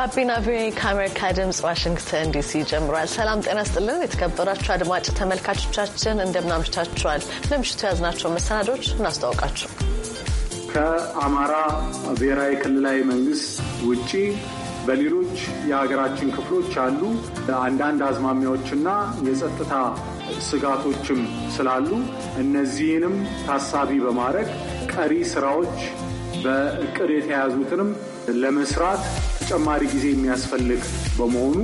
ጋቢና ቪኦኤ ከአሜሪካ ድምፅ ዋሽንግተን ዲሲ ጀምሯል። ሰላም ጤና ስጥልን የተከበራችሁ አድማጭ ተመልካቾቻችን እንደምናምሽታችኋል። ለምሽቱ የያዝናቸው መሰናዶች እናስተዋውቃችሁ። ከአማራ ብሔራዊ ክልላዊ መንግስት ውጪ በሌሎች የሀገራችን ክፍሎች ያሉ አንዳንድ አዝማሚያዎችና የጸጥታ ስጋቶችም ስላሉ እነዚህንም ታሳቢ በማድረግ ቀሪ ስራዎች በእቅድ የተያዙትንም ለመስራት ተጨማሪ ጊዜ የሚያስፈልግ በመሆኑ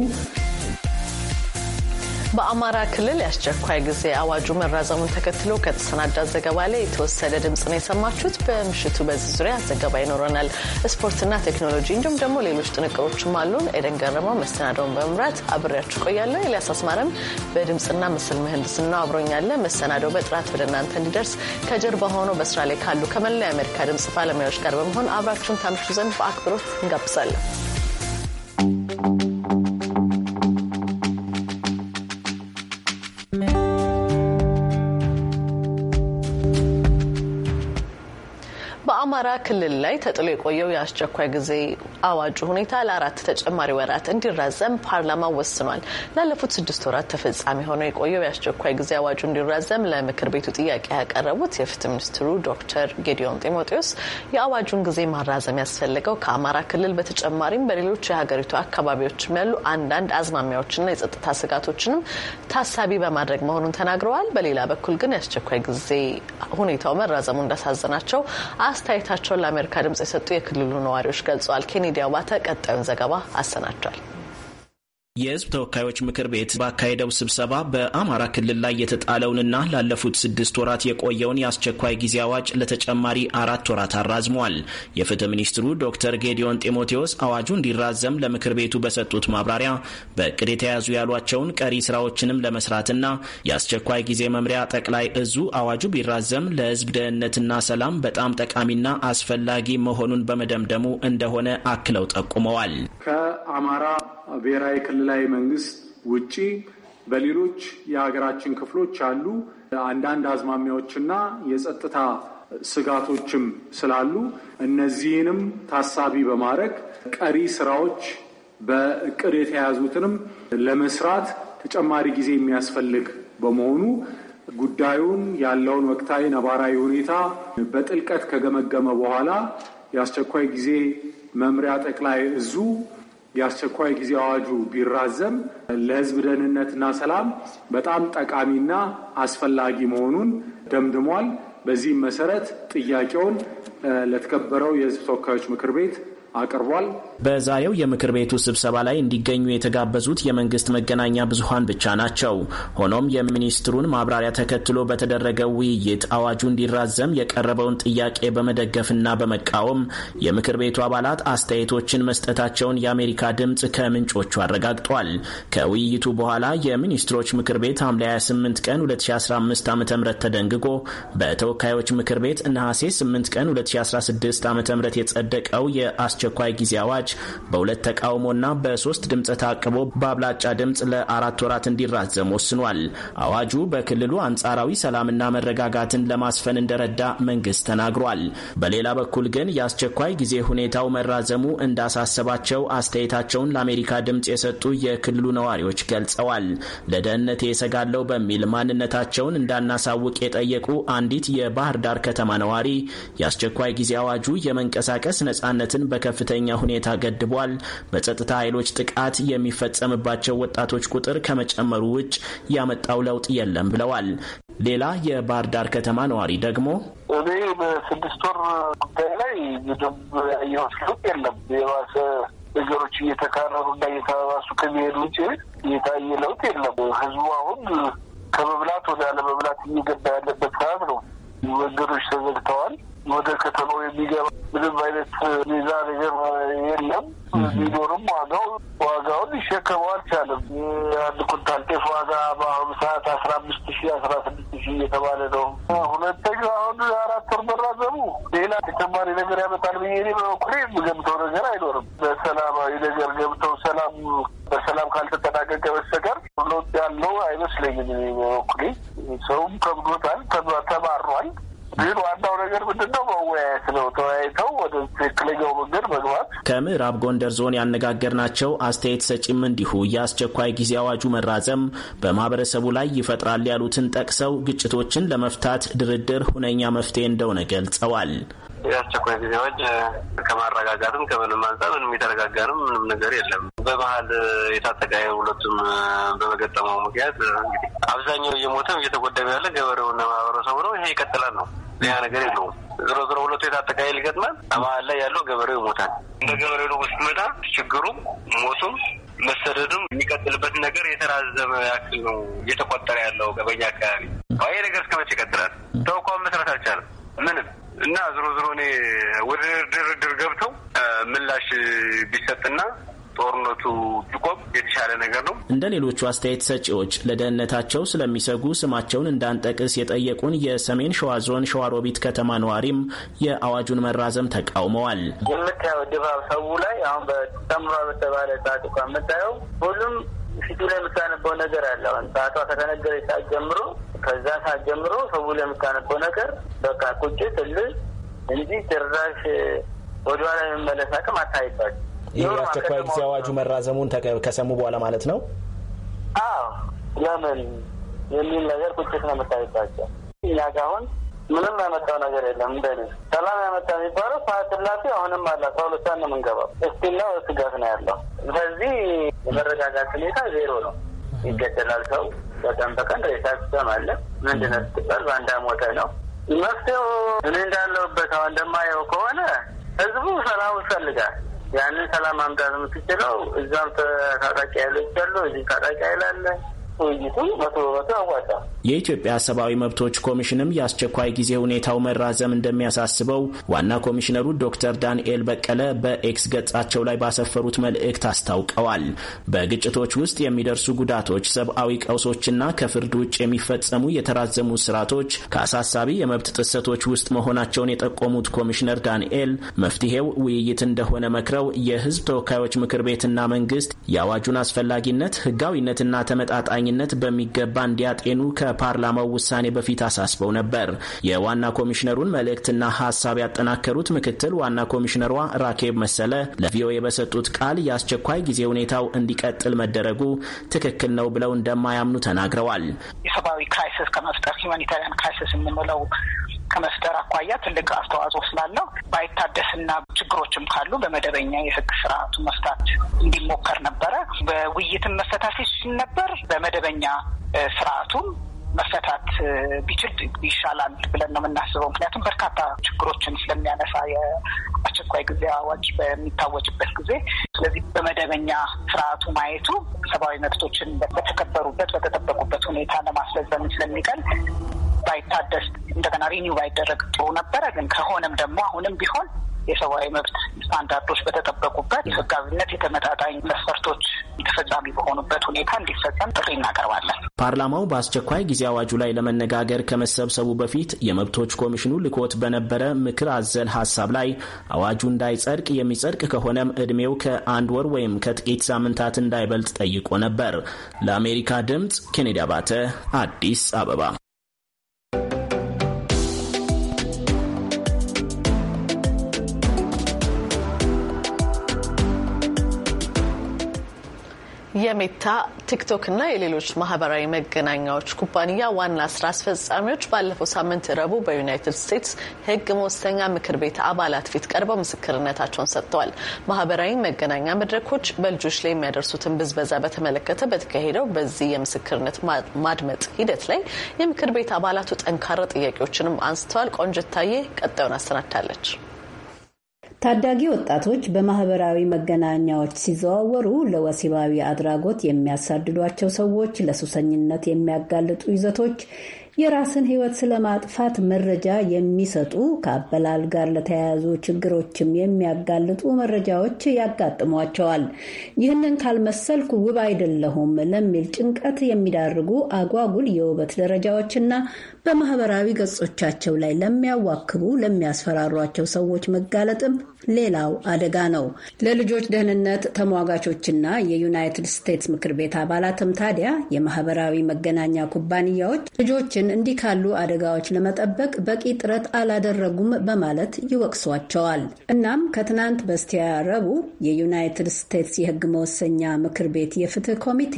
በአማራ ክልል የአስቸኳይ ጊዜ አዋጁ መራዘሙን ተከትሎ ከተሰናዳ ዘገባ ላይ የተወሰደ ድምፅ ነው የሰማችሁት። በምሽቱ በዚህ ዙሪያ ዘገባ ይኖረናል። ስፖርትና ቴክኖሎጂ እንዲሁም ደግሞ ሌሎች ጥንቅሮችም አሉን። ኤደን ገረመው መሰናዳውን በመምራት አብሬያችሁ ቆያለሁ። ኤልያስ አስማረም በድምፅና ምስል ምህንድስና አብሮኛለ። መሰናዳው በጥራት ወደ እናንተ እንዲደርስ ከጀርባ ሆኖ በስራ ላይ ካሉ ከመላው የአሜሪካ ድምፅ ባለሙያዎች ጋር በመሆን አብራችሁን ታምሹ ዘንድ በአክብሮት እንጋብዛለን። ክልል ላይ ተጥሎ የቆየው የአስቸኳይ ጊዜ አዋጁ ሁኔታ ለአራት ተጨማሪ ወራት እንዲራዘም ፓርላማ ወስኗል። ላለፉት ስድስት ወራት ተፈጻሚ ሆነው የቆየው የአስቸኳይ ጊዜ አዋጁ እንዲራዘም ለምክር ቤቱ ጥያቄ ያቀረቡት የፍትህ ሚኒስትሩ ዶክተር ጌዲዮን ጢሞቴዎስ የአዋጁን ጊዜ ማራዘም ያስፈልገው ከአማራ ክልል በተጨማሪም በሌሎች የሀገሪቱ አካባቢዎችም ያሉ አንዳንድ አዝማሚያዎችና የጸጥታ ስጋቶችንም ታሳቢ በማድረግ መሆኑን ተናግረዋል። በሌላ በኩል ግን የአስቸኳይ ጊዜ ሁኔታው መራዘሙ እንዳሳዘናቸው አስተያየታቸው አስተያየታቸውን ለአሜሪካ ድምጽ የሰጡ የክልሉ ነዋሪዎች ገልጸዋል። ኬኔዲ አባተ ቀጣዩን ዘገባ አሰናድቷል። የህዝብ ተወካዮች ምክር ቤት ባካሄደው ስብሰባ በአማራ ክልል ላይ የተጣለውንና ላለፉት ስድስት ወራት የቆየውን የአስቸኳይ ጊዜ አዋጅ ለተጨማሪ አራት ወራት አራዝሟል። የፍትህ ሚኒስትሩ ዶክተር ጌዲዮን ጢሞቴዎስ አዋጁ እንዲራዘም ለምክር ቤቱ በሰጡት ማብራሪያ በእቅድ የተያዙ ያሏቸውን ቀሪ ስራዎችንም ለመስራትና የአስቸኳይ ጊዜ መምሪያ ጠቅላይ እዙ አዋጁ ቢራዘም ለህዝብ ደህንነትና ሰላም በጣም ጠቃሚና አስፈላጊ መሆኑን በመደምደሙ እንደሆነ አክለው ጠቁመዋል። ከአማራ ብሔራዊ ክልላዊ መንግስት ውጪ በሌሎች የሀገራችን ክፍሎች ያሉ አንዳንድ አዝማሚያዎችና የጸጥታ ስጋቶችም ስላሉ እነዚህንም ታሳቢ በማድረግ ቀሪ ስራዎች በእቅድ የተያዙትንም ለመስራት ተጨማሪ ጊዜ የሚያስፈልግ በመሆኑ ጉዳዩን ያለውን ወቅታዊ ነባራዊ ሁኔታ በጥልቀት ከገመገመ በኋላ የአስቸኳይ ጊዜ መምሪያ ጠቅላይ እዙ የአስቸኳይ ጊዜ አዋጁ ቢራዘም ለሕዝብ ደህንነትና ሰላም በጣም ጠቃሚና አስፈላጊ መሆኑን ደምድሟል። በዚህም መሰረት ጥያቄውን ለተከበረው የሕዝብ ተወካዮች ምክር ቤት አቅርቧል። በዛሬው የምክር ቤቱ ስብሰባ ላይ እንዲገኙ የተጋበዙት የመንግስት መገናኛ ብዙሃን ብቻ ናቸው። ሆኖም የሚኒስትሩን ማብራሪያ ተከትሎ በተደረገው ውይይት አዋጁ እንዲራዘም የቀረበውን ጥያቄ በመደገፍና በመቃወም የምክር ቤቱ አባላት አስተያየቶችን መስጠታቸውን የአሜሪካ ድምፅ ከምንጮቹ አረጋግጧል። ከውይይቱ በኋላ የሚኒስትሮች ምክር ቤት ሐምሌ 28 ቀን 2015 ዓ ም ተደንግጎ በተወካዮች ምክር ቤት ነሐሴ 8 ቀን 2016 ዓ ም የጸደቀው የአስቸ አስቸኳይ ጊዜ አዋጅ በሁለት ተቃውሞና በሶስት ድምፅ ታቅቦ በአብላጫ ድምፅ ለአራት ወራት እንዲራዘም ወስኗል። አዋጁ በክልሉ አንጻራዊ ሰላምና መረጋጋትን ለማስፈን እንደረዳ መንግስት ተናግሯል። በሌላ በኩል ግን የአስቸኳይ ጊዜ ሁኔታው መራዘሙ እንዳሳሰባቸው አስተያየታቸውን ለአሜሪካ ድምፅ የሰጡ የክልሉ ነዋሪዎች ገልጸዋል። ለደህንነቴ የሰጋለው በሚል ማንነታቸውን እንዳናሳውቅ የጠየቁ አንዲት የባህር ዳር ከተማ ነዋሪ የአስቸኳይ ጊዜ አዋጁ የመንቀሳቀስ ነጻነትን በከፍ በከፍተኛ ሁኔታ ገድቧል። በጸጥታ ኃይሎች ጥቃት የሚፈጸምባቸው ወጣቶች ቁጥር ከመጨመሩ ውጭ ያመጣው ለውጥ የለም ብለዋል። ሌላ የባህር ዳር ከተማ ነዋሪ ደግሞ እኔ በስድስት ወር ጉዳይ ላይ ምንም ያየሁት ለውጥ የለም የባሰ ነገሮች እየተካረሩ እና እየተባባሱ ከሚሄዱ ውጭ እየታየ ለውጥ የለም። ህዝቡ አሁን ከመብላት ወደ አለመብላት እየገባ ያለበት ሰዓት ነው። መንገዶች ተዘግተዋል። ወደ ከተማው የሚገባ ምንም አይነት ሌላ ነገር የለም። ቢኖርም ዋጋው ዋጋውን ሊሸከመው አልቻለም። የአንድ ኩንታል ጤፍ ዋጋ በአሁኑ ሰዓት አስራ አምስት ሺ አስራ ስድስት ሺ እየተባለ ነው። ሁለተኛ አሁን አራት ወር መራዘሙ ሌላ ተጨማሪ ነገር ያመጣል ብዬ እኔ በበኩሌ የምገምተው ነገር አይኖርም። በሰላማዊ ነገር ገብተው ሰላም በሰላም ካልተጠናቀቀ በስተቀር ለውጥ ያለው አይመስለኝም። እኔ በበኩሌ ሰውም ከብዶታል ተባ የምዕራብ ጎንደር ዞን ያነጋገርናቸው አስተያየት ሰጪም እንዲሁ የአስቸኳይ ጊዜ አዋጁ መራዘም በማህበረሰቡ ላይ ይፈጥራል ያሉትን ጠቅሰው ግጭቶችን ለመፍታት ድርድር ሁነኛ መፍትሄ እንደሆነ ገልጸዋል። የአስቸኳይ ጊዜ አዋጅ ከማረጋጋትም ከምንም አንጻር ምንም የተረጋጋንም ምንም ነገር የለም። በባህል የታጠቀ ሁለቱም በመገጠመው ምክንያት እንግዲህ አብዛኛው እየሞተም እየተጎደመ ያለ ገበሬውና ማህበረሰቡ ነው። ይሄ ይቀጥላል ነው ሌላ ነገር የለውም። ዞሮ ዞሮ ሁለቱ የታጠቀ ኃይል ይገጥማል። መሀል ላይ ያለው ገበሬው ይሞታል። እንደ ገበሬው ነው ስትመጣ ችግሩም ሞቱም መሰደዱም የሚቀጥልበት ነገር የተራዘመ ያክል ነው እየተቆጠረ ያለው በኛ አካባቢ። ይሄ ነገር እስከ መቼ ይቀጥላል? ሰው እንኳን መስራት አልቻለም ምንም እና ዞሮ ዞሮ እኔ ወደ ድርድር ገብተው ምላሽ ቢሰጥና ጦርነቱ ቢቆም የተሻለ ነገር ነው። እንደ ሌሎቹ አስተያየት ሰጪዎች ለደህንነታቸው ስለሚሰጉ ስማቸውን እንዳንጠቅስ የጠየቁን የሰሜን ሸዋ ዞን ሸዋሮቢት ከተማ ነዋሪም የአዋጁን መራዘም ተቃውመዋል። የምታየው ድባብ ሰው ላይ አሁን በጨምሯ በተባለ ሰዓት እኳ የምታየው ሁሉም ፊቱ ላይ የምታነበው ነገር አለ። አሁን ሰዓቷ ከተነገረች ሰዓት ጀምሮ ከዛ ሰዓት ጀምሮ ሰው ላይ የምታነበው ነገር በቃ ቁጭት እልህ እንጂ ጭራሽ ወደኋላ የመመለስ አቅም አታይባቸው ይህ አስቸኳይ ጊዜ አዋጁ መራዘሙን ከሰሙ በኋላ ማለት ነው። አዎ ለምን የሚል ነገር ቁጭት ነው የምታይባቸው። እኛ ጋ አሁን ምንም ያመጣው ነገር የለም። እንደኔ ሰላም ያመጣ የሚባለው ስላሴ አሁንም አለ። አስራ ሁለት ሰዓት ነው የምንገባው። እስቲና ስጋት ነው ያለው። በዚህ የመረጋጋት ሁኔታ ዜሮ ነው። ይገደላል ሰው በቀን በቀን ሬሳ ትሰማለ። ምንድን ነው ስትባል በአንዳ ሞተ ነው መፍትሄው። እኔ እንዳለሁበት አሁን እንደማየው ከሆነ ህዝቡ ሰላም ይፈልጋል። ያንን ሰላም ማምጣት የምትችለው እዛም ታጣቂ ኃይሎች አሉ፣ እዚህ ታጣቂ ኃይል አለ ውይይቱን መቶ በመቶ ያዋጣ። የኢትዮጵያ ሰብአዊ መብቶች ኮሚሽንም የአስቸኳይ ጊዜ ሁኔታው መራዘም እንደሚያሳስበው ዋና ኮሚሽነሩ ዶክተር ዳንኤል በቀለ በኤክስ ገጻቸው ላይ ባሰፈሩት መልእክት አስታውቀዋል። በግጭቶች ውስጥ የሚደርሱ ጉዳቶች፣ ሰብአዊ ቀውሶችና ከፍርድ ውጭ የሚፈጸሙ የተራዘሙ ስርዓቶች ከአሳሳቢ የመብት ጥሰቶች ውስጥ መሆናቸውን የጠቆሙት ኮሚሽነር ዳንኤል መፍትሄው ውይይት እንደሆነ መክረው የህዝብ ተወካዮች ምክር ቤትና መንግስት የአዋጁን አስፈላጊነት ህጋዊነትና ተመጣጣኝ በቁርጠኝነት በሚገባ እንዲያጤኑ ከፓርላማው ውሳኔ በፊት አሳስበው ነበር። የዋና ኮሚሽነሩን መልእክትና ሀሳብ ያጠናከሩት ምክትል ዋና ኮሚሽነሯ ራኬብ መሰለ ለቪኦኤ በሰጡት ቃል የአስቸኳይ ጊዜ ሁኔታው እንዲቀጥል መደረጉ ትክክል ነው ብለው እንደማያምኑ ተናግረዋል። የሰብአዊ ክራይሲስ ከመፍጠር ሂውማኒታሪያን ክራይሲስ የምንለው ከመፍጠር አኳያ ትልቅ አስተዋጽኦ ስላለው ባይታደስና ችግሮችም ካሉ በመደበኛ የህግ ስርዓቱ መፍታት እንዲሞከር ነበረ። በውይይትም መፈታት ሲችል ነበር። በመደበኛ ስርዓቱም መፈታት ቢችል ይሻላል ብለን ነው የምናስበው። ምክንያቱም በርካታ ችግሮችን ስለሚያነሳ የአስቸኳይ ጊዜ አዋጅ በሚታወጅበት ጊዜ። ስለዚህ በመደበኛ ስርዓቱ ማየቱ ሰብአዊ መብቶችን በተከበሩበት በተጠበቁበት ሁኔታ ለማስፈጸም ስለሚቀል ባይታደስ እንደገና ሪኒው ባይደረግ ጥሩ ነበረ። ግን ከሆነም ደግሞ አሁንም ቢሆን የሰብአዊ መብት ስታንዳርዶች በተጠበቁበት የህጋዊነት የተመጣጣኝ መስፈርቶች ተፈጻሚ በሆኑበት ሁኔታ እንዲፈጸም ጥሪ እናቀርባለን። ፓርላማው በአስቸኳይ ጊዜ አዋጁ ላይ ለመነጋገር ከመሰብሰቡ በፊት የመብቶች ኮሚሽኑ ልኮት በነበረ ምክር አዘል ሀሳብ ላይ አዋጁ እንዳይጸድቅ፣ የሚጸድቅ ከሆነም እድሜው ከአንድ ወር ወይም ከጥቂት ሳምንታት እንዳይበልጥ ጠይቆ ነበር። ለአሜሪካ ድምጽ ኬኔዲ አባተ አዲስ አበባ የሜታ ቲክቶክ እና የሌሎች ማህበራዊ መገናኛዎች ኩባንያ ዋና ስራ አስፈጻሚዎች ባለፈው ሳምንት ረቡዕ በዩናይትድ ስቴትስ ሕግ መወሰኛ ምክር ቤት አባላት ፊት ቀርበው ምስክርነታቸውን ሰጥተዋል። ማህበራዊ መገናኛ መድረኮች በልጆች ላይ የሚያደርሱትን ብዝበዛ በተመለከተ በተካሄደው በዚህ የምስክርነት ማድመጥ ሂደት ላይ የምክር ቤት አባላቱ ጠንካራ ጥያቄዎችንም አንስተዋል። ቆንጅታዬ ቀጣዩን አሰናድታለች። ታዳጊ ወጣቶች በማህበራዊ መገናኛዎች ሲዘዋወሩ ለወሲባዊ አድራጎት የሚያሳድዷቸው ሰዎች፣ ለሱሰኝነት የሚያጋልጡ ይዘቶች፣ የራስን ሕይወት ስለማጥፋት መረጃ የሚሰጡ ከአበላል ጋር ለተያያዙ ችግሮችም የሚያጋልጡ መረጃዎች ያጋጥሟቸዋል። ይህንን ካልመሰልኩ ውብ አይደለሁም ለሚል ጭንቀት የሚዳርጉ አጓጉል የውበት ደረጃዎችና በማህበራዊ ገጾቻቸው ላይ ለሚያዋክቡ፣ ለሚያስፈራሯቸው ሰዎች መጋለጥም ሌላው አደጋ ነው። ለልጆች ደህንነት ተሟጋቾችና የዩናይትድ ስቴትስ ምክር ቤት አባላትም ታዲያ የማህበራዊ መገናኛ ኩባንያዎች ልጆችን እንዲህ ካሉ አደጋዎች ለመጠበቅ በቂ ጥረት አላደረጉም በማለት ይወቅሷቸዋል። እናም ከትናንት በስቲያ ረቡዕ የዩናይትድ ስቴትስ የህግ መወሰኛ ምክር ቤት የፍትህ ኮሚቴ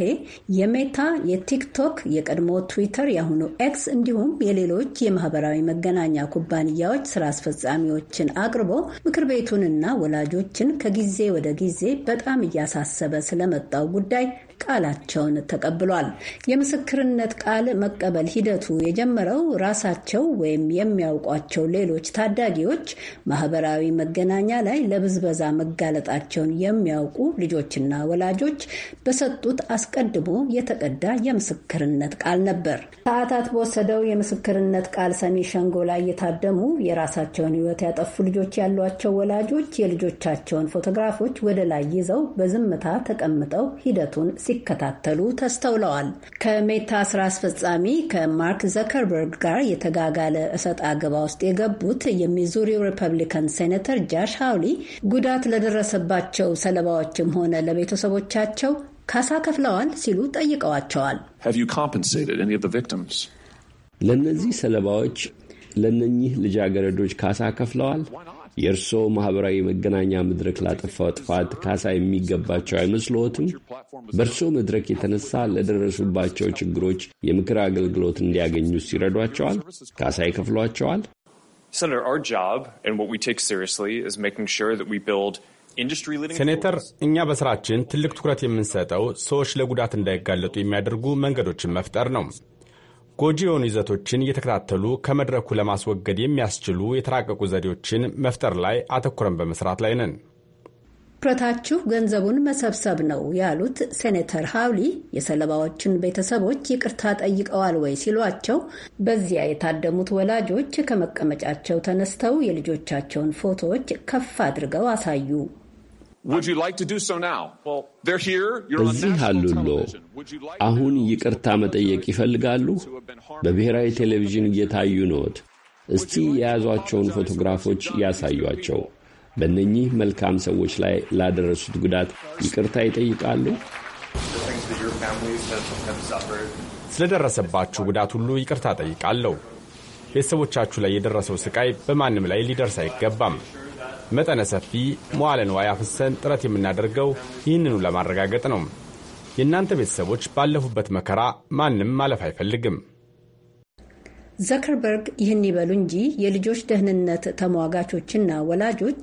የሜታ፣ የቲክቶክ፣ የቀድሞ ትዊተር፣ የአሁኑ ኤክስ እንዲሁም የሌሎች የማህበራዊ መገናኛ ኩባንያዎች ስራ አስፈጻሚዎችን አቅርቦ ምክር ቤቱንና ወላጆችን ከጊዜ ወደ ጊዜ በጣም እያሳሰበ ስለመጣው ጉዳይ ቃላቸውን ተቀብሏል። የምስክርነት ቃል መቀበል ሂደቱ የጀመረው ራሳቸው ወይም የሚያውቋቸው ሌሎች ታዳጊዎች ማህበራዊ መገናኛ ላይ ለብዝበዛ መጋለጣቸውን የሚያውቁ ልጆችና ወላጆች በሰጡት አስቀድሞ የተቀዳ የምስክርነት ቃል ነበር። ሰዓታት በወሰደው የምስክርነት ቃል ሰሚ ሸንጎ ላይ የታደሙ የራሳቸውን ሕይወት ያጠፉ ልጆች ያሏቸው ወላጆች የልጆቻቸውን ፎቶግራፎች ወደ ላይ ይዘው በዝምታ ተቀምጠው ሂደቱን ሲከታተሉ ተስተውለዋል። ከሜታ ስራ አስፈጻሚ ከማርክ ዘከርበርግ ጋር የተጋጋለ እሰጥ አገባ ውስጥ የገቡት የሚዙሪው ሪፐብሊካን ሴኔተር ጃሽ ሃውሊ ጉዳት ለደረሰባቸው ሰለባዎችም ሆነ ለቤተሰቦቻቸው ካሳ ከፍለዋል ሲሉ ጠይቀዋቸዋል። ለእነዚህ ሰለባዎች ለእነኚህ ልጃገረዶች ካሳ ከፍለዋል? የእርስዎ ማህበራዊ መገናኛ መድረክ ላጠፋው ጥፋት ካሳ የሚገባቸው አይመስልዎትም? በእርስዎ መድረክ የተነሳ ለደረሱባቸው ችግሮች የምክር አገልግሎት እንዲያገኙ ይረዷቸዋል? ካሳ ይከፍሏቸዋል? ሴኔተር፣ እኛ በስራችን ትልቅ ትኩረት የምንሰጠው ሰዎች ለጉዳት እንዳይጋለጡ የሚያደርጉ መንገዶችን መፍጠር ነው። ጎጂ የሆኑ ይዘቶችን እየተከታተሉ ከመድረኩ ለማስወገድ የሚያስችሉ የተራቀቁ ዘዴዎችን መፍጠር ላይ አተኩረን በመስራት ላይ ነን። ትኩረታችሁ ገንዘቡን መሰብሰብ ነው ያሉት ሴኔተር ሀውሊ የሰለባዎችን ቤተሰቦች ይቅርታ ጠይቀዋል ወይ ሲሏቸው በዚያ የታደሙት ወላጆች ከመቀመጫቸው ተነስተው የልጆቻቸውን ፎቶዎች ከፍ አድርገው አሳዩ። እዚህ አሉሎ አሁን ይቅርታ መጠየቅ ይፈልጋሉ? በብሔራዊ ቴሌቪዥን እየታዩ ነዎት። እስቲ የያዟቸውን ፎቶግራፎች ያሳዩአቸው። በእነኚህ መልካም ሰዎች ላይ ላደረሱት ጉዳት ይቅርታ ይጠይቃሉ? ስለደረሰባችሁ ጉዳት ሁሉ ይቅርታ ጠይቃለሁ። ቤተሰቦቻችሁ ላይ የደረሰው ስቃይ በማንም ላይ ሊደርስ አይገባም። መጠነ ሰፊ መዋለ ንዋይ አፍሰን ጥረት የምናደርገው ይህንኑ ለማረጋገጥ ነው። የእናንተ ቤተሰቦች ባለፉበት መከራ ማንም ማለፍ አይፈልግም። ዘከርበርግ ይህን ይበሉ እንጂ የልጆች ደህንነት ተሟጋቾችና ወላጆች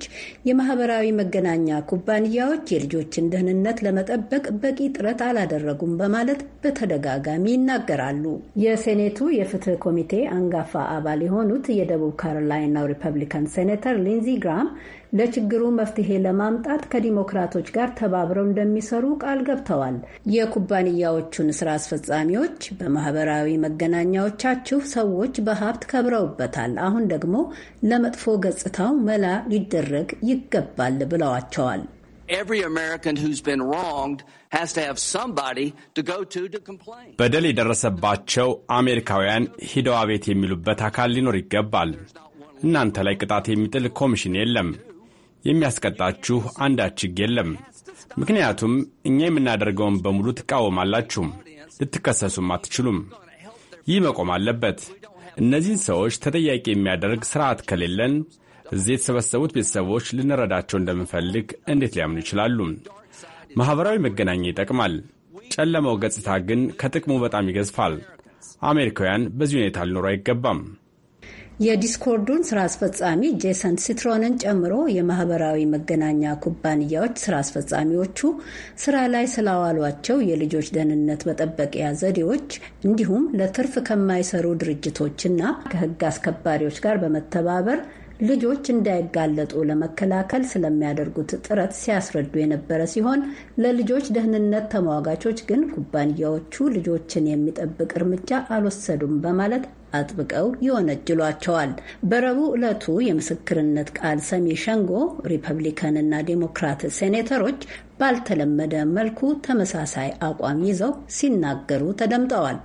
የማህበራዊ መገናኛ ኩባንያዎች የልጆችን ደህንነት ለመጠበቅ በቂ ጥረት አላደረጉም በማለት በተደጋጋሚ ይናገራሉ። የሴኔቱ የፍትህ ኮሚቴ አንጋፋ አባል የሆኑት የደቡብ ካሮላይናው ሪፐብሊካን ሴኔተር ሊንዚ ግራም ለችግሩ መፍትሄ ለማምጣት ከዲሞክራቶች ጋር ተባብረው እንደሚሰሩ ቃል ገብተዋል። የኩባንያዎቹን ስራ አስፈጻሚዎች በማህበራዊ መገናኛዎቻችሁ ሰዎች በሀብት ከብረውበታል፣ አሁን ደግሞ ለመጥፎ ገጽታው መላ ሊደረግ ይገባል ብለዋቸዋል። በደል የደረሰባቸው አሜሪካውያን ሂደው አቤት የሚሉበት አካል ሊኖር ይገባል። እናንተ ላይ ቅጣት የሚጥል ኮሚሽን የለም። የሚያስቀጣችሁ አንዳች ሕግ የለም። ምክንያቱም እኛ የምናደርገውን በሙሉ ትቃወማላችሁም፣ ልትከሰሱም አትችሉም። ይህ መቆም አለበት። እነዚህን ሰዎች ተጠያቂ የሚያደርግ ስርዓት ከሌለን እዚህ የተሰበሰቡት ቤተሰቦች ልንረዳቸው እንደምንፈልግ እንዴት ሊያምኑ ይችላሉ? ማኅበራዊ መገናኛ ይጠቅማል። ጨለማው ገጽታ ግን ከጥቅሙ በጣም ይገዝፋል። አሜሪካውያን በዚህ ሁኔታ ሊኖሩ አይገባም። የዲስኮርዱን ስራ አስፈጻሚ ጄሰን ሲትሮንን ጨምሮ የማህበራዊ መገናኛ ኩባንያዎች ስራ አስፈጻሚዎቹ ስራ ላይ ስላዋሏቸው የልጆች ደህንነት መጠበቂያ ዘዴዎች እንዲሁም ለትርፍ ከማይሰሩ ድርጅቶችና ከህግ አስከባሪዎች ጋር በመተባበር ልጆች እንዳይጋለጡ ለመከላከል ስለሚያደርጉት ጥረት ሲያስረዱ የነበረ ሲሆን ለልጆች ደህንነት ተሟጋቾች ግን ኩባንያዎቹ ልጆችን የሚጠብቅ እርምጃ አልወሰዱም በማለት አጥብቀው ይወነጅሏቸዋል። በረቡዕ ዕለቱ የምስክርነት ቃል ሰሚ ሸንጎ ሪፐብሊካንና ዴሞክራት ሴኔተሮች ባልተለመደ መልኩ ተመሳሳይ አቋም ይዘው ሲናገሩ ተደምጠዋል።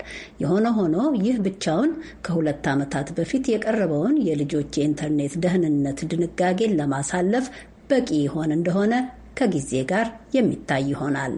የሆነ ሆኖ ይህ ብቻውን ከሁለት ዓመታት በፊት የቀረበውን የልጆች የኢንተርኔት ደህንነት ድንጋጌን ለማሳለፍ በቂ ይሆን እንደሆነ ከጊዜ ጋር የሚታይ ይሆናል።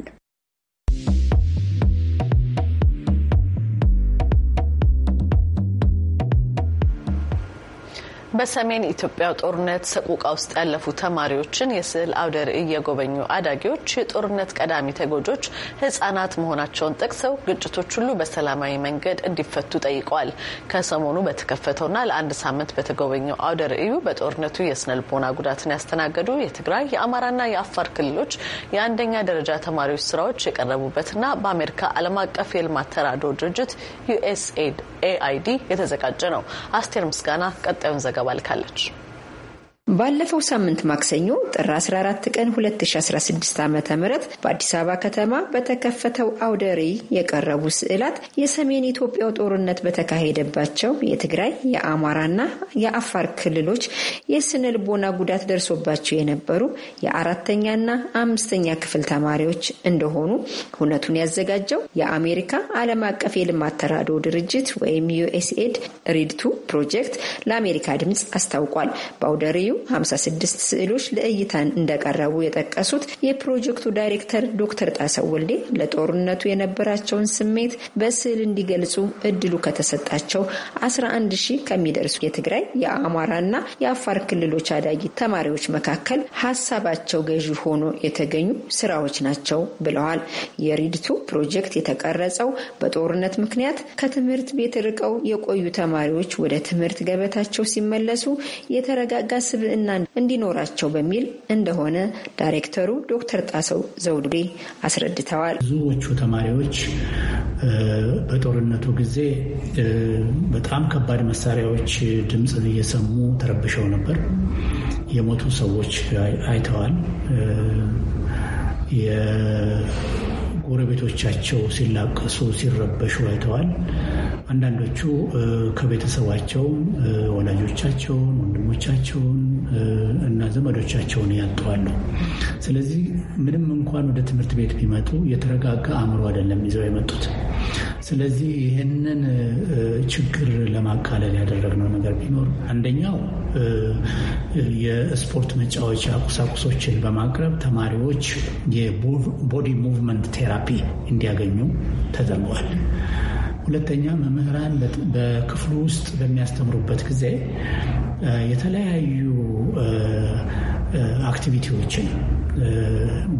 በሰሜን ኢትዮጵያ ጦርነት ሰቁቃ ውስጥ ያለፉ ተማሪዎችን የስዕል አውደ ርዕይ የጎበኙ አዳጊዎች የጦርነት ቀዳሚ ተጎጆች ህጻናት መሆናቸውን ጠቅሰው ግጭቶች ሁሉ በሰላማዊ መንገድ እንዲፈቱ ጠይቀዋል። ከሰሞኑ በተከፈተውና ለአንድ ሳምንት በተጎበኘው አውደ ርዕዩ በጦርነቱ የስነልቦና ጉዳትን ያስተናገዱ የትግራይ፣ የአማራና የአፋር ክልሎች የአንደኛ ደረጃ ተማሪዎች ስራዎች የቀረቡበትና በአሜሪካ ዓለም አቀፍ የልማት ተራድኦ ድርጅት ዩኤስኤአይዲ የተዘጋጀ ነው። አስቴር ምስጋና ቀጣዩን ዘገባ ታዘባልካለች። ባለፈው ሳምንት ማክሰኞ ጥር 14 ቀን 2016 ዓ ም በአዲስ አበባ ከተማ በተከፈተው አውደ ርዕይ የቀረቡ ስዕላት የሰሜን ኢትዮጵያው ጦርነት በተካሄደባቸው የትግራይ የአማራና የአፋር ክልሎች የስነ ልቦና ጉዳት ደርሶባቸው የነበሩ የአራተኛና አምስተኛ ክፍል ተማሪዎች እንደሆኑ እውነቱን ያዘጋጀው የአሜሪካ ዓለም አቀፍ የልማት ተራድኦ ድርጅት ወይም ዩኤስኤድ ሪድቱ ፕሮጀክት ለአሜሪካ ድምፅ አስታውቋል። በአውደ ርዕዩ በተለያዩ 56 ስዕሎች ለእይታን እንደቀረቡ የጠቀሱት የፕሮጀክቱ ዳይሬክተር ዶክተር ጣሰው ወልዴ ለጦርነቱ የነበራቸውን ስሜት በስዕል እንዲገልጹ እድሉ ከተሰጣቸው 11 ሺህ ከሚደርሱ የትግራይ የአማራና የአፋር ክልሎች አዳጊ ተማሪዎች መካከል ሀሳባቸው ገዢ ሆኖ የተገኙ ስራዎች ናቸው ብለዋል። የሪድቱ ፕሮጀክት የተቀረጸው በጦርነት ምክንያት ከትምህርት ቤት ርቀው የቆዩ ተማሪዎች ወደ ትምህርት ገበታቸው ሲመለሱ የተረጋጋ ስብ ስብዕና እንዲኖራቸው በሚል እንደሆነ ዳይሬክተሩ ዶክተር ጣሰው ዘውዴ አስረድተዋል። ብዙዎቹ ተማሪዎች በጦርነቱ ጊዜ በጣም ከባድ መሳሪያዎች ድምፅን እየሰሙ ተረብሸው ነበር። የሞቱ ሰዎች አይተዋል። ጎረቤቶቻቸው ሲላቀሱ፣ ሲረበሹ አይተዋል። አንዳንዶቹ ከቤተሰባቸውም ወላጆቻቸውን፣ ወንድሞቻቸውን እና ዘመዶቻቸውን ያጠዋሉ። ስለዚህ ምንም እንኳን ወደ ትምህርት ቤት ቢመጡ የተረጋጋ አእምሮ አይደለም ይዘው የመጡት። ስለዚህ ይህንን ችግር ለማቃለል ያደረግነው ነገር ቢኖር አንደኛው የስፖርት መጫወቻ ቁሳቁሶችን በማቅረብ ተማሪዎች የቦዲ ሙቭመንት ቴራፒ እንዲያገኙ ተደርጓል። ሁለተኛ መምህራን በክፍሉ ውስጥ በሚያስተምሩበት ጊዜ የተለያዩ አክቲቪቲዎችን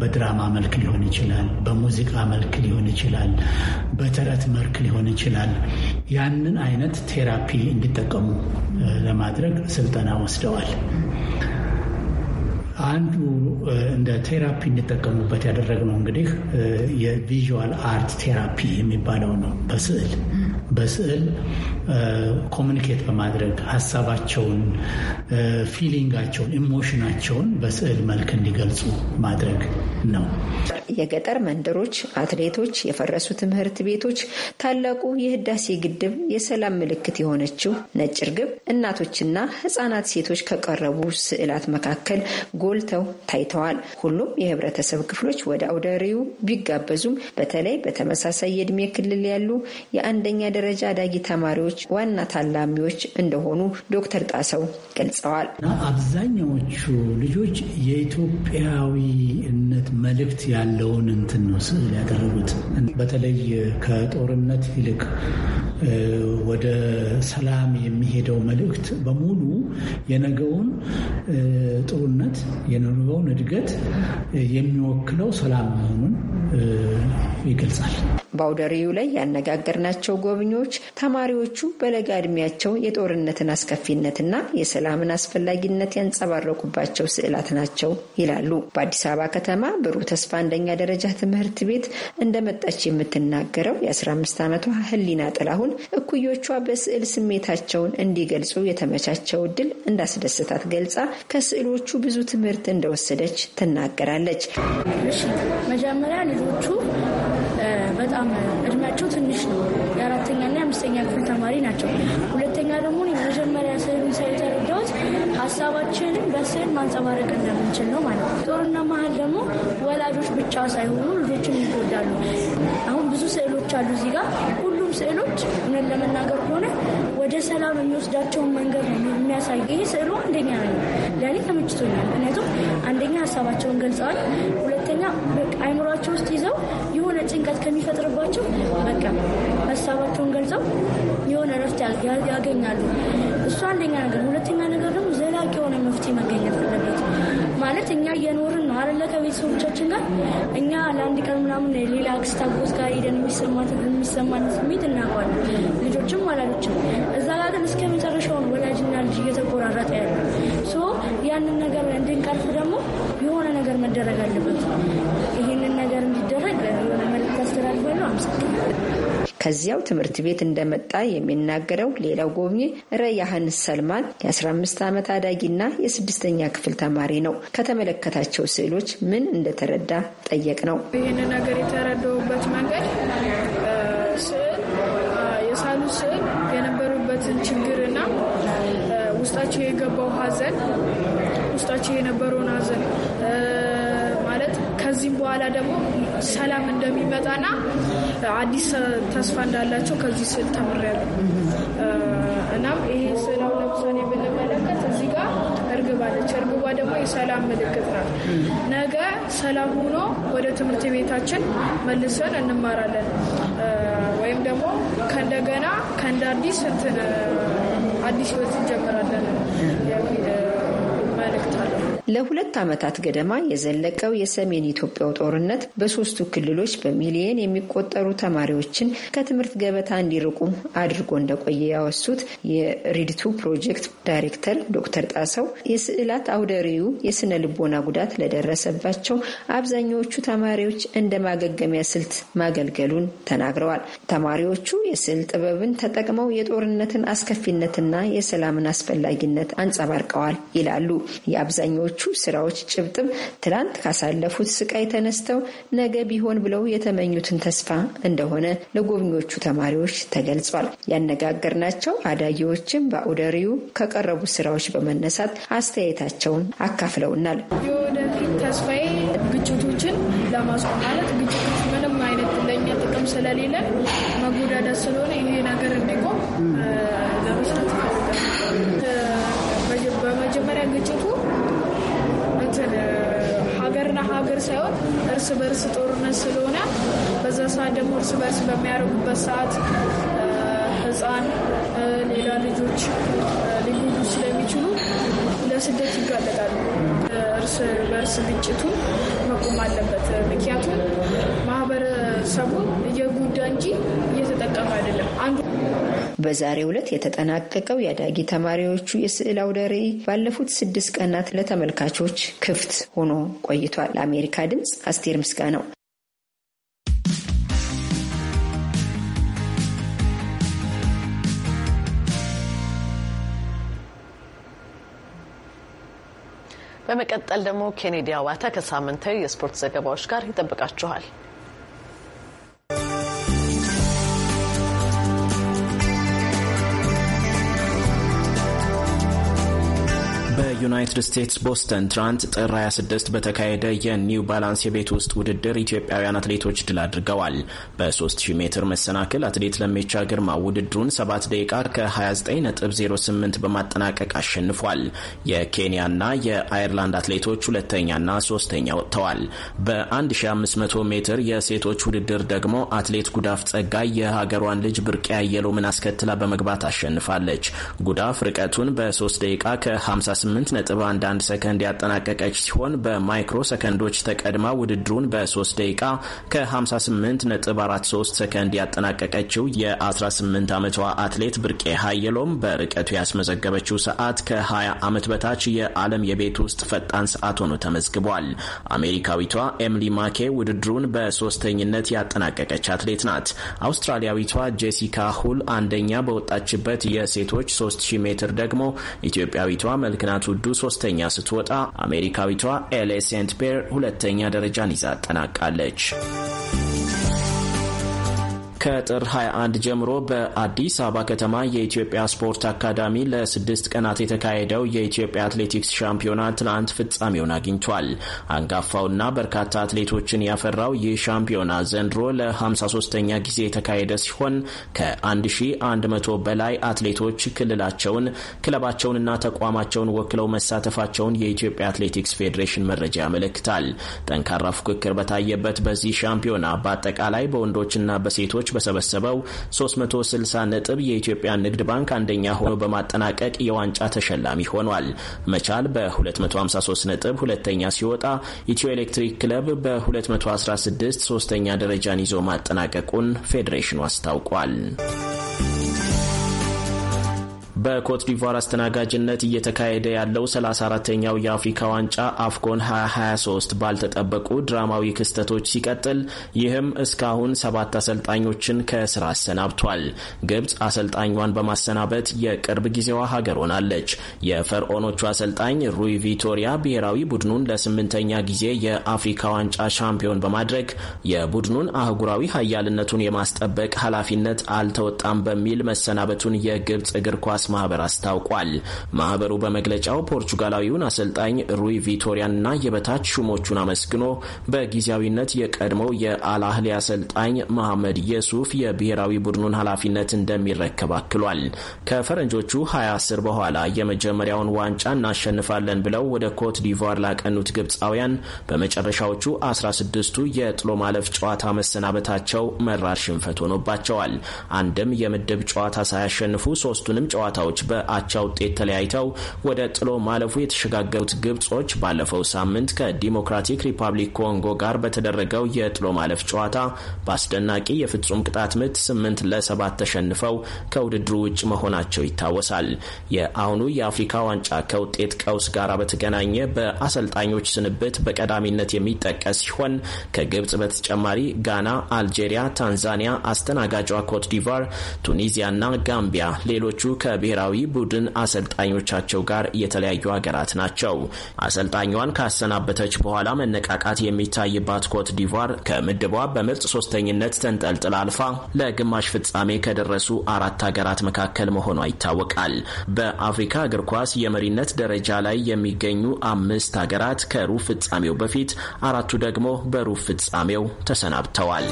በድራማ መልክ ሊሆን ይችላል፣ በሙዚቃ መልክ ሊሆን ይችላል፣ በተረት መልክ ሊሆን ይችላል። ያንን አይነት ቴራፒ እንዲጠቀሙ ለማድረግ ስልጠና ወስደዋል። አንዱ እንደ ቴራፒ ያደረግ ያደረግነው እንግዲህ የቪዥዋል አርት ቴራፒ የሚባለው ነው። በስዕል በስዕል ኮሚኒኬት በማድረግ ሀሳባቸውን፣ ፊሊንጋቸውን፣ ኢሞሽናቸውን በስዕል መልክ እንዲገልጹ ማድረግ ነው። የገጠር መንደሮች፣ አትሌቶች፣ የፈረሱ ትምህርት ቤቶች፣ ታላቁ የህዳሴ ግድብ፣ የሰላም ምልክት የሆነችው ነጭ እርግብ፣ እናቶችና ህጻናት ሴቶች ከቀረቡ ስዕላት መካከል ጎልተው ታይተዋል። ሁሉም የህብረተሰብ ክፍሎች ወደ አውደ ርዕዩ ቢጋበዙም በተለይ በተመሳሳይ የእድሜ ክልል ያሉ የአንደኛ ደረጃ ዳጊ ተማሪዎች ዋና ታላሚዎች እንደሆኑ ዶክተር ጣሰው ገልጸዋል። አብዛኛዎቹ ልጆች የኢትዮጵያዊነት መልእክት ያለውን እንትን ነው ስዕል ያደረጉት። በተለይ ከጦርነት ይልቅ ወደ ሰላም የሚሄደው መልእክት በሙሉ የነገውን ጥሩነት፣ የነገውን እድገት የሚወክለው ሰላም መሆኑን ይገልጻል። ባውደሪው ላይ ያነጋገርናቸው ጎብኚዎች ተማሪዎቹ በለጋ እድሜያቸው የጦርነትን አስከፊነትና የሰላምን አስፈላጊነት ያንጸባረቁባቸው ስዕላት ናቸው ይላሉ። በአዲስ አበባ ከተማ ብሩህ ተስፋ አንደኛ ደረጃ ትምህርት ቤት እንደመጣች የምትናገረው የ15 ዓመቷ ህሊና ጥላሁን እኩዮቿ በስዕል ስሜታቸውን እንዲገልጹ የተመቻቸው እድል እንዳስደስታት ገልጻ ከስዕሎቹ ብዙ ትምህርት እንደወሰደች ትናገራለች። መጀመሪያ ልጆቹ በጣም እድሜያቸው ትንሽ ነው። የአራተኛና የአምስተኛ ክፍል ተማሪ ናቸው። ሁለተኛ ደግሞ የመጀመሪያ ስዕሉን ሳይተረዳሁት ሀሳባችንን በስዕል ማንጸባረቅ እንደምንችል ነው ማለት ነው። ጦርና መሀል ደግሞ ወላጆች ብቻ ሳይሆኑ ልጆችን ይጎዳሉ። አሁን ብዙ ስዕሎች አሉ እዚህ ጋር ሁሉም ስዕሎች እውነት ለመናገር ከሆነ ወደ ሰላም የሚወስዳቸውን መንገድ ነው የሚያሳይ። ይህ ስዕሉ አንደኛ ነው ለእኔ ተመችቶኛል። ምክንያቱም አንደኛ ሀሳባቸውን ገልጸዋል፣ ሁለተኛ አይምሯቸው ውስጥ ይዘው ጭንቀት ከሚፈጥርባቸው በቃ ሀሳባቸውን ገልጸው የሆነ ረፍት ያገኛሉ። እሱ አንደኛ ነገር። ሁለተኛ ነገር ደግሞ ዘላቂ የሆነ መፍትሄ መገኘት አለበት። ማለት እኛ እየኖርን ነው አይደለ? ከቤተሰቦቻችን ጋር እኛ ለአንድ ቀን ምናምን ሌላ አክስት አጎት ጋር ሄደን የሚሰማን ስሜት እናውቀዋለን። ልጆችም ወላጆችም እዛ ጋር ግን እስከ መጨረሻውን ወላጅና ልጅ እየተቆራረጠ ያለ ያንን ነገር እንድንቀርፍ ደግሞ የሆነ ነገር መደረግ አለበት። ከዚያው ትምህርት ቤት እንደመጣ የሚናገረው ሌላው ጎብኚ ረያህን ሰልማን የ15 ዓመት አዳጊና የስድስተኛ ክፍል ተማሪ ነው። ከተመለከታቸው ስዕሎች ምን እንደተረዳ ጠየቅ ነው። ይህንን ነገር የተረዳውበት መንገድ ስዕል የሳሉ ስዕል የነበሩበትን ችግርና ውስጣቸው የገባው ሀዘን ውስጣቸው የነበረውን ሀዘን? በኋላ ደግሞ ሰላም እንደሚመጣና አዲስ ተስፋ እንዳላቸው ከዚህ ስዕል ተምሬያለሁ። እናም ይሄ ስዕል ለምሳሌ ብንመለከት እዚህ ጋር እርግብ አለች። እርግቧ ደግሞ የሰላም ምልክት ናት። ነገ ሰላም ሆኖ ወደ ትምህርት ቤታችን መልሰን እንማራለን ወይም ደግሞ ከእንደገና ከእንደ አዲስ አዲስ ህይወት እንጀምራለን። ለሁለት ዓመታት ገደማ የዘለቀው የሰሜን ኢትዮጵያው ጦርነት በሶስቱ ክልሎች በሚሊየን የሚቆጠሩ ተማሪዎችን ከትምህርት ገበታ እንዲርቁ አድርጎ እንደቆየ ያወሱት የሪድቱ ፕሮጀክት ዳይሬክተር ዶክተር ጣሰው የስዕላት አውደሪው የስነ ልቦና ጉዳት ለደረሰባቸው አብዛኛዎቹ ተማሪዎች እንደ ማገገሚያ ስልት ማገልገሉን ተናግረዋል። ተማሪዎቹ የስዕል ጥበብን ተጠቅመው የጦርነትን አስከፊነትና የሰላምን አስፈላጊነት አንጸባርቀዋል ይላሉ። የአብዛኛዎቹ የሌሎቹ ስራዎች ጭብጥም ትላንት ካሳለፉት ስቃይ ተነስተው ነገ ቢሆን ብለው የተመኙትን ተስፋ እንደሆነ ለጎብኚዎቹ ተማሪዎች ተገልጿል። ያነጋገርናቸው አዳጊዎችም በአውደ ርዕዩ ከቀረቡ ስራዎች በመነሳት አስተያየታቸውን አካፍለውናል። የወደፊት ተስፋዬ ግጭቶችን ለማስቆም ማለት ግጭቶች ምንም አይነት ለኛ ጥቅም ስለሌለ መጎዳዳት ስለሆነ ይሄ ነገር እንዲ ሀገር ሳይሆን እርስ በርስ ጦርነት ስለሆነ በዛ ሰዓት ደግሞ እርስ በርስ በሚያደርጉበት ሰዓት ህፃን ሌላ ልጆች ሊጎዱ ስለሚችሉ ለስደት ይጋለጣሉ። እርስ በርስ ግጭቱን መቆም አለበት። ምክንያቱም ህብረተሰቡን እየጎዳ እንጂ እየተጠቀመ አይደለም። አንዱ በዛሬው ዕለት የተጠናቀቀው የአዳጊ ተማሪዎቹ የስዕል አውደ ርዕይ ባለፉት ስድስት ቀናት ለተመልካቾች ክፍት ሆኖ ቆይቷል። ለአሜሪካ ድምፅ አስቴር ምስጋ ነው። በመቀጠል ደግሞ ኬኔዲ አዋተ ከሳምንታዊ የስፖርት ዘገባዎች ጋር ይጠብቃችኋል። በዩናይትድ ስቴትስ ቦስተን ትናንት ጥር 26 በተካሄደ የኒው ባላንስ የቤት ውስጥ ውድድር ኢትዮጵያውያን አትሌቶች ድል አድርገዋል። በ3000 ሜትር መሰናክል አትሌት ለሜቻ ግርማ ውድድሩን 7 ደቂቃ ከ29.08 በማጠናቀቅ አሸንፏል። የኬንያና የአየርላንድ አትሌቶች ሁለተኛና ሶስተኛ ወጥተዋል። በ1500 ሜትር የሴቶች ውድድር ደግሞ አትሌት ጉዳፍ ጸጋይ የሀገሯን ልጅ ብርቅ ምን አስከትላ በመግባት አሸንፋለች። ጉዳፍ ርቀቱን በ3 ደቂቃ ከ ነጥብ 1811 ሰከንድ ያጠናቀቀች ሲሆን በማይክሮ ሰከንዶች ተቀድማ ውድድሩን በ3 ደቂቃ ከ58.43 ሰከንድ ያጠናቀቀችው የ18 ዓመቷ አትሌት ብርቄ ሀየሎም በርቀቱ ያስመዘገበችው ሰዓት ከ20 ዓመት በታች የዓለም የቤት ውስጥ ፈጣን ሰዓት ሆኖ ተመዝግቧል። አሜሪካዊቷ ኤምሊ ማኬ ውድድሩን በሶስተኝነት ያጠናቀቀች አትሌት ናት። አውስትራሊያዊቷ ጄሲካ ሁል አንደኛ በወጣችበት የሴቶች 3000 ሜትር ደግሞ ኢትዮጵያዊቷ መልክና ሪናት ውዱ ሶስተኛ ስትወጣ አሜሪካዊቷ ኤሌ ሴንት ፔር ሁለተኛ ደረጃን ይዛ አጠናቃለች። ከጥር 21 ጀምሮ በአዲስ አበባ ከተማ የኢትዮጵያ ስፖርት አካዳሚ ለስድስት ቀናት የተካሄደው የኢትዮጵያ አትሌቲክስ ሻምፒዮና ትናንት ፍጻሜውን አግኝቷል። አንጋፋውና በርካታ አትሌቶችን ያፈራው ይህ ሻምፒዮና ዘንድሮ ለ53ኛ ጊዜ የተካሄደ ሲሆን ከ1100 በላይ አትሌቶች ክልላቸውን፣ ክለባቸውንና ተቋማቸውን ወክለው መሳተፋቸውን የኢትዮጵያ አትሌቲክስ ፌዴሬሽን መረጃ ያመለክታል። ጠንካራ ፉክክር በታየበት በዚህ ሻምፒዮና በአጠቃላይ በወንዶችና በሴቶች በሰበሰበው 360 ነጥብ የኢትዮጵያ ንግድ ባንክ አንደኛ ሆኖ በማጠናቀቅ የዋንጫ ተሸላሚ ሆኗል። መቻል በ253 ነጥብ ሁለተኛ ሲወጣ ኢትዮ ኤሌክትሪክ ክለብ በ216 ሶስተኛ ደረጃን ይዞ ማጠናቀቁን ፌዴሬሽኑ አስታውቋል። በኮትዲቫር አስተናጋጅነት እየተካሄደ ያለው 34ተኛው የአፍሪካ ዋንጫ አፍኮን 2023 ባልተጠበቁ ድራማዊ ክስተቶች ሲቀጥል ይህም እስካሁን ሰባት አሰልጣኞችን ከስራ አሰናብቷል። ግብፅ አሰልጣኟን በማሰናበት የቅርብ ጊዜዋ ሀገር ሆናለች። የፈርዖኖቹ አሰልጣኝ ሩይ ቪቶሪያ ብሔራዊ ቡድኑን ለስምንተኛ ጊዜ የአፍሪካ ዋንጫ ሻምፒዮን በማድረግ የቡድኑን አህጉራዊ ሀያልነቱን የማስጠበቅ ኃላፊነት አልተወጣም በሚል መሰናበቱን የግብፅ እግር ኳስ ማህበር አስታውቋል። ማህበሩ በመግለጫው ፖርቹጋላዊውን አሰልጣኝ ሩይ ቪቶሪያንና የበታች ሹሞቹን አመስግኖ በጊዜያዊነት የቀድሞው የአልአህሊ አሰልጣኝ መሐመድ የሱፍ የብሔራዊ ቡድኑን ኃላፊነት እንደሚረከብ አክሏል። ከፈረንጆቹ 2010 በኋላ የመጀመሪያውን ዋንጫ እናሸንፋለን ብለው ወደ ኮት ዲቫር ላቀኑት ግብፃውያን በመጨረሻዎቹ 16ቱ የጥሎ ማለፍ ጨዋታ መሰናበታቸው መራር ሽንፈት ሆኖባቸዋል። አንድም የምድብ ጨዋታ ሳያሸንፉ ሶስቱንም ጨዋታ ጨዋታዎች በአቻ ውጤት ተለያይተው ወደ ጥሎ ማለፉ የተሸጋገሩት ግብጾች ባለፈው ሳምንት ከዲሞክራቲክ ሪፐብሊክ ኮንጎ ጋር በተደረገው የጥሎ ማለፍ ጨዋታ በአስደናቂ የፍጹም ቅጣት ምት ስምንት ለሰባት ተሸንፈው ከውድድሩ ውጭ መሆናቸው ይታወሳል። የአሁኑ የአፍሪካ ዋንጫ ከውጤት ቀውስ ጋር በተገናኘ በአሰልጣኞች ስንብት በቀዳሚነት የሚጠቀስ ሲሆን ከግብጽ በተጨማሪ ጋና፣ አልጄሪያ፣ ታንዛኒያ፣ አስተናጋጇ ኮትዲቫር፣ ቱኒዚያ እና ጋምቢያ ሌሎቹ ከብሔ ብሔራዊ ቡድን አሰልጣኞቻቸው ጋር የተለያዩ ሀገራት ናቸው። አሰልጣኟን ካሰናበተች በኋላ መነቃቃት የሚታይባት ኮት ዲቫር ከምድቧ በምርጥ ሶስተኝነት ተንጠልጥላ አልፋ ለግማሽ ፍጻሜ ከደረሱ አራት ሀገራት መካከል መሆኗ ይታወቃል። በአፍሪካ እግር ኳስ የመሪነት ደረጃ ላይ የሚገኙ አምስት ሀገራት ከሩብ ፍጻሜው በፊት አራቱ ደግሞ በሩብ ፍጻሜው ተሰናብተዋል።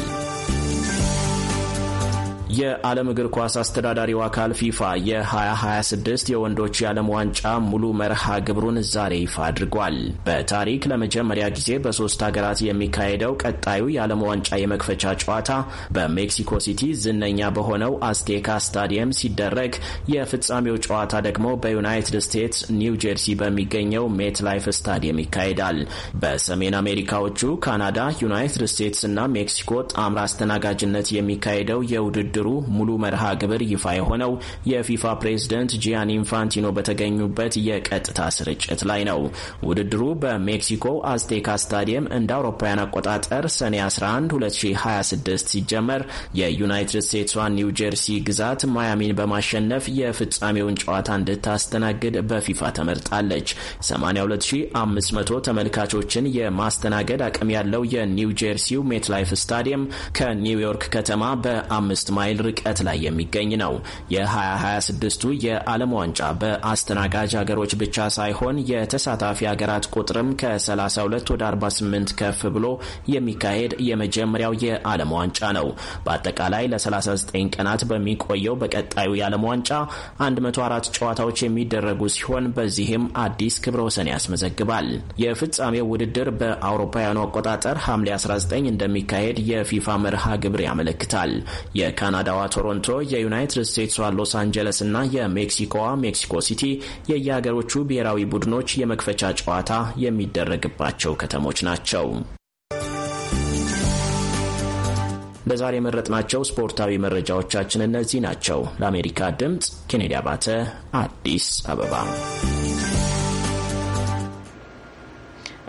የዓለም እግር ኳስ አስተዳዳሪው አካል ፊፋ የ2026 የወንዶች የዓለም ዋንጫ ሙሉ መርሃ ግብሩን ዛሬ ይፋ አድርጓል። በታሪክ ለመጀመሪያ ጊዜ በሶስት ሀገራት የሚካሄደው ቀጣዩ የዓለም ዋንጫ የመክፈቻ ጨዋታ በሜክሲኮ ሲቲ ዝነኛ በሆነው አስቴካ ስታዲየም ሲደረግ፣ የፍጻሜው ጨዋታ ደግሞ በዩናይትድ ስቴትስ ኒው ጀርሲ በሚገኘው ሜት ላይፍ ስታዲየም ይካሄዳል። በሰሜን አሜሪካዎቹ ካናዳ፣ ዩናይትድ ስቴትስ እና ሜክሲኮ ጣምራ አስተናጋጅነት የሚካሄደው የውድድር የውድድሩ ሙሉ መርሃ ግብር ይፋ የሆነው የፊፋ ፕሬዝደንት ጂያን ኢንፋንቲኖ በተገኙበት የቀጥታ ስርጭት ላይ ነው። ውድድሩ በሜክሲኮ አዝቴካ ስታዲየም እንደ አውሮፓውያን አቆጣጠር ሰኔ 11 2026 ሲጀመር የዩናይትድ ስቴትሷ ኒው ጀርሲ ግዛት ማያሚን በማሸነፍ የፍጻሜውን ጨዋታ እንድታስተናግድ በፊፋ ተመርጣለች። 82500 ተመልካቾችን የማስተናገድ አቅም ያለው የኒው ጀርሲው ሜትላይፍ ስታዲየም ከኒውዮርክ ከተማ በአምስት ማይል ማይል ርቀት ላይ የሚገኝ ነው። የ2026ቱ የዓለም ዋንጫ በአስተናጋጅ ሀገሮች ብቻ ሳይሆን የተሳታፊ ሀገራት ቁጥርም ከ32 ወደ 48 ከፍ ብሎ የሚካሄድ የመጀመሪያው የዓለም ዋንጫ ነው። በአጠቃላይ ለ39 ቀናት በሚቆየው በቀጣዩ የዓለም ዋንጫ 104 ጨዋታዎች የሚደረጉ ሲሆን በዚህም አዲስ ክብረ ወሰን ያስመዘግባል። የፍጻሜው ውድድር በአውሮፓውያኑ አቆጣጠር ሐምሌ 19 እንደሚካሄድ የፊፋ መርሃ ግብር ያመለክታል። የካና የካናዳዋ ቶሮንቶ፣ የዩናይትድ ስቴትሷ ሎስ አንጀለስ እና የሜክሲኮዋ ሜክሲኮ ሲቲ የየሀገሮቹ ብሔራዊ ቡድኖች የመክፈቻ ጨዋታ የሚደረግባቸው ከተሞች ናቸው። ለዛሬ የመረጥናቸው ስፖርታዊ መረጃዎቻችን እነዚህ ናቸው። ለአሜሪካ ድምፅ ኬኔዲ አባተ አዲስ አበባ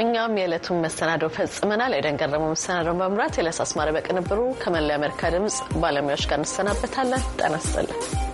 እኛም የዕለቱን መሰናዶው ፈጽመናል። የደንገረመው መሰናዶን በመምራት የለስ አስማረ በቅንብሩ ከመላ አሜሪካ ድምፅ ባለሙያዎች ጋር እንሰናበታለን። ጤና ይስጥልን።